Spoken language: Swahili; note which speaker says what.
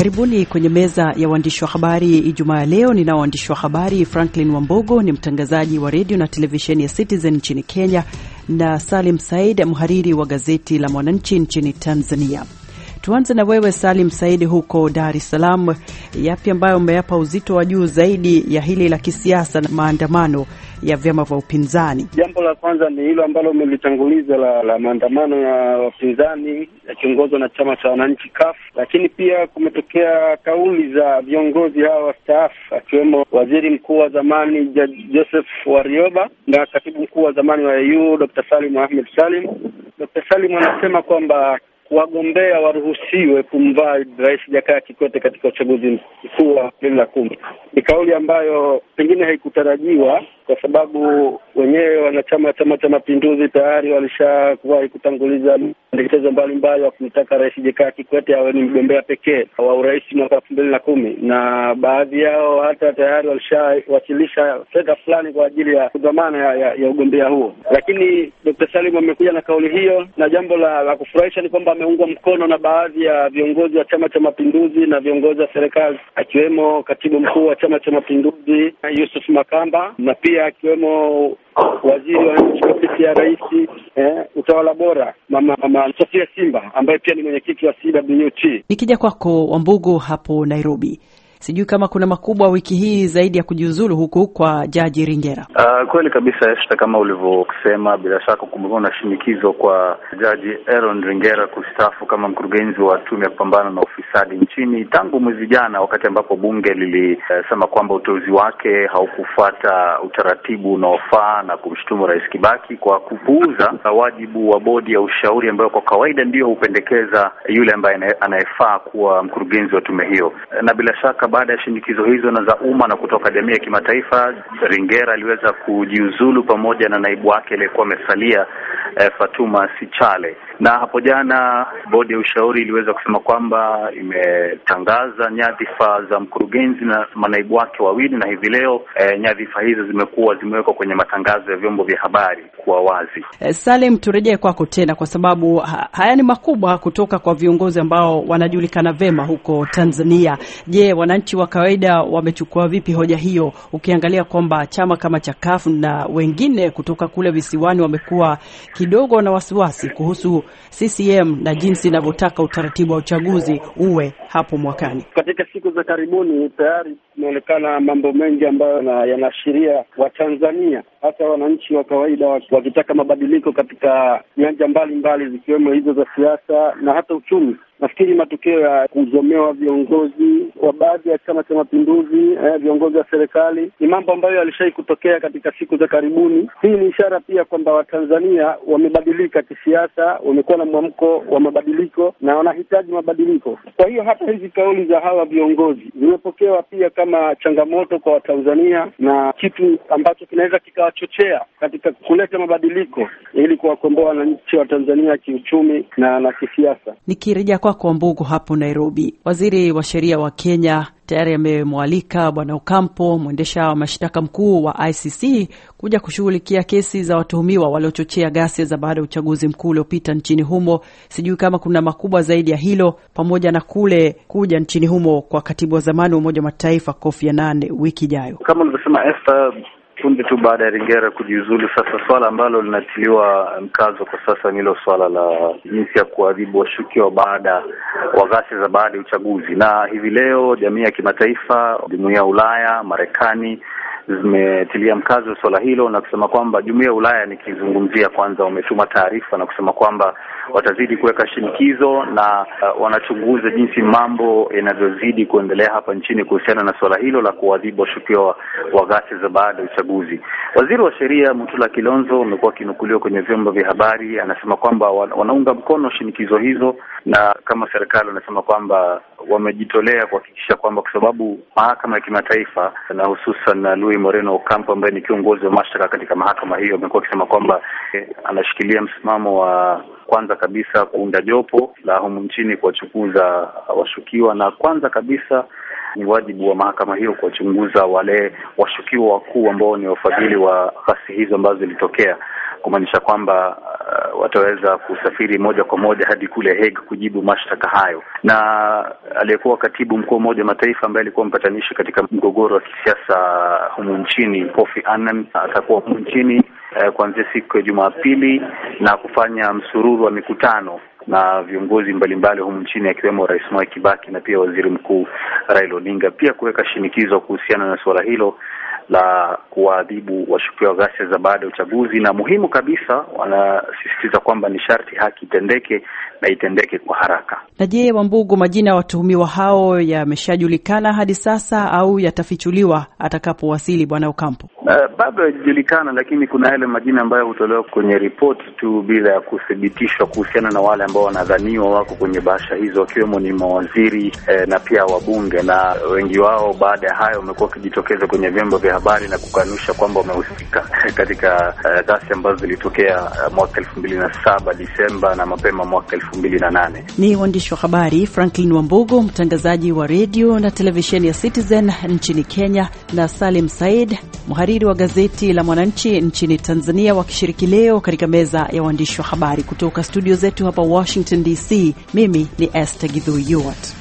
Speaker 1: Karibuni kwenye meza ya waandishi wa habari Ijumaa ya leo. Ninao waandishi wa habari Franklin Wambogo ni mtangazaji wa redio na televisheni ya Citizen nchini Kenya, na Salim Said mhariri wa gazeti la Mwananchi nchini Tanzania. Tuanze na wewe Salim Said huko Dar es Salaam, yapi ambayo umeyapa uzito wa juu zaidi ya hili la kisiasa na maandamano ya vyama vya upinzani?
Speaker 2: Jambo la kwanza ni hilo ambalo umelitanguliza la, la maandamano ya wapinzani yakiongozwa na chama cha wananchi CUF, lakini pia kumetokea kauli za viongozi hawa wastaafu akiwemo waziri mkuu wa zamani Joseph Warioba na katibu mkuu wa zamani wa AU Dr. Salim Ahmed Salim. Dr. Salim anasema kwamba wagombea waruhusiwe kumvaa Rais Jakaya Kikwete katika uchaguzi mkuu wa elfu mbili na kumi. Ni kauli ambayo pengine haikutarajiwa kwa sababu wenyewe wanachama wa Chama cha Mapinduzi tayari walishawahi kutanguliza pendekezo mbalimbali wa kumtaka Rais Jakaya Kikwete awe ni mgombea pekee wa urais mwaka elfu mbili na kumi na baadhi yao hata tayari walishawasilisha fedha fulani kwa ajili ya dhamana ya, ya, ya ugombea huo, lakini Dkt. Salim amekuja na kauli hiyo, na jambo la, la kufurahisha ni kwamba ameungwa mkono na baadhi ya viongozi wa Chama cha Mapinduzi na viongozi wa serikali akiwemo katibu mkuu wa Chama cha Mapinduzi Yusuf Makamba na pia akiwemo waziri wa nchi ofisi ya rais eh, utawala bora, mama mama Sofia Simba ambaye pia ni mwenyekiti wa CWT.
Speaker 1: Nikija kwako Wambugu hapo Nairobi, Sijui kama kuna makubwa wiki hii zaidi ya kujiuzulu huku kwa Jaji Ringera.
Speaker 3: Uh, kweli kabisa Esther, kama ulivyosema, bila shaka kumekuwa na shinikizo kwa Jaji Aaron Ringera kustafu kama mkurugenzi wa tume ya kupambana na ufisadi nchini tangu mwezi jana, wakati ambapo bunge lilisema uh, kwamba uteuzi wake haukufuata utaratibu unaofaa na kumshutumu Rais Kibaki kwa kupuuza wajibu wa bodi ya ushauri ambayo kwa kawaida ndiyo hupendekeza yule ambaye anayefaa kuwa mkurugenzi wa tume hiyo, na bila shaka baada ya shinikizo hizo na za umma na kutoka jamii ya kimataifa, Ringera aliweza kujiuzulu pamoja na naibu wake aliyekuwa amesalia eh, Fatuma Sichale. Na hapo jana bodi ya ushauri iliweza kusema kwamba imetangaza nyadhifa za mkurugenzi na manaibu wake wawili, na hivi leo eh, nyadhifa hizo zimekuwa zimewekwa kwenye matangazo ya vyombo vya habari kuwa wazi.
Speaker 1: Eh, Salim, turejee kwako tena kwa sababu ha haya ni makubwa kutoka kwa viongozi ambao wanajulikana vema huko Tanzania. Je, wana wananchi wa kawaida wamechukua vipi hoja hiyo, ukiangalia kwamba chama kama cha kafu na wengine kutoka kule visiwani wamekuwa kidogo na wasiwasi kuhusu CCM na jinsi inavyotaka utaratibu wa uchaguzi uwe hapo mwakani.
Speaker 2: Katika siku za karibuni tayari kunaonekana mambo mengi ambayo yanaashiria Watanzania hasa wananchi wa kawaida wakitaka mabadiliko katika nyanja mbalimbali zikiwemo hizo za siasa na hata uchumi. Nafikiri matokeo ya kuzomewa viongozi wa baadhi ya Chama cha Mapinduzi, eh, viongozi wa serikali ni mambo ambayo yalishai kutokea katika siku za karibuni. Hii ni ishara pia kwamba Watanzania wamebadilika kisiasa, wamekuwa na mwamko wa mabadiliko na wanahitaji mabadiliko. Kwa hiyo hata hizi kauli za hawa viongozi zimepokewa pia kama kama changamoto kwa Watanzania na kitu ambacho kinaweza kikawachochea katika kuleta mabadiliko ili kuwakomboa wananchi wa Tanzania kiuchumi na na kisiasa.
Speaker 1: Nikirejea kwako Mbugu hapo Nairobi, waziri wa sheria wa Kenya tayari amemwalika Bwana Ocampo, mwendesha wa mashtaka mkuu wa ICC, kuja kushughulikia kesi za watuhumiwa waliochochea ghasia za baada ya uchaguzi mkuu uliopita nchini humo. Sijui kama kuna makubwa zaidi ya hilo, pamoja na kule kuja nchini humo kwa katibu wa zamani wa Umoja wa Mataifa Kofi Annan wiki ijayo,
Speaker 3: kama ulivyosema Esther punde tu baada ya Ringera kujiuzulu. Sasa swala ambalo linatiliwa mkazo kwa sasa ni hilo swala la jinsi ya kuadhibu washukiwa baada wa ghasia za baada ya uchaguzi, na hivi leo jamii ya kimataifa, jumuiya ya Ulaya, Marekani zimetilia mkazo swala hilo na kusema kwamba jumuiya ya Ulaya, nikizungumzia kwanza, wametuma taarifa na kusema kwamba watazidi kuweka shinikizo na uh, wanachunguza jinsi mambo yanavyozidi kuendelea hapa nchini kuhusiana na swala hilo la kuadhibu washukiwa wa, wa ghasia za baada ya uchaguzi. Waziri wa sheria Mutula Kilonzo amekuwa akinukuliwa kwenye vyombo vya habari anasema kwamba wanaunga mkono shinikizo hizo, na kama serikali wanasema kwamba wamejitolea kuhakikisha kwamba kwa sababu mahakama ya kimataifa na hususan Luis Moreno Ocampo ambaye ni kiongozi wa mashtaka katika mahakama hiyo amekuwa akisema kwamba eh, anashikilia msimamo wa kwanza kabisa kuunda jopo la humu nchini kuwachukuza washukiwa na kwanza kabisa ni wajibu wa mahakama hiyo kuwachunguza wale washukiwa wakuu ambao ni wafadhili wa kasi hizo ambazo zilitokea, kumaanisha kwamba uh, wataweza kusafiri moja kwa moja hadi kule Hague kujibu mashtaka hayo. Na aliyekuwa katibu mkuu wa Umoja Mataifa ambaye alikuwa mpatanishi katika mgogoro wa kisiasa humu nchini, Kofi Annan atakuwa humu nchini uh, kuanzia siku ya Jumapili na kufanya msururu wa mikutano na viongozi mbalimbali humu nchini akiwemo Rais Mwai Kibaki na pia Waziri Mkuu Raila Odinga, pia kuweka shinikizo kuhusiana na suala hilo la kuwaadhibu washukiwa ghasia za baada ya uchaguzi, na muhimu kabisa, wanasisitiza kwamba ni sharti haki itendeke na itendeke kwa haraka.
Speaker 1: Na je, Wambugu, majina ya watuhumiwa hao yameshajulikana hadi sasa au yatafichuliwa atakapowasili Bwana Ocampo?
Speaker 3: Eh, bado yajulikana lakini kuna yale majina ambayo hutolewa kwenye ripoti tu bila ya kuthibitishwa kuhusiana na wale ambao wanadhaniwa wako kwenye bahasha hizo, wakiwemo ni mawaziri eh, na pia wabunge, na wengi wao baada ya hayo wamekuwa wakijitokeza kwenye vyombo vya habari na kukanusha kwamba wamehusika katika eh, ghasia uh, ambazo zilitokea uh, mwaka elfu mbili na saba Disemba na mapema mwaka elfu mbili na nane.
Speaker 1: Ni waandishi wa habari Franklin Wambugu, mtangazaji wa redio na televisheni ya Citizen nchini Kenya, na Salim Said, mhariri wa gazeti la Mwananchi nchini Tanzania, wakishiriki leo katika meza ya waandishi wa habari kutoka studio zetu hapa Washington DC. Mimi ni Esther Githui Yuart.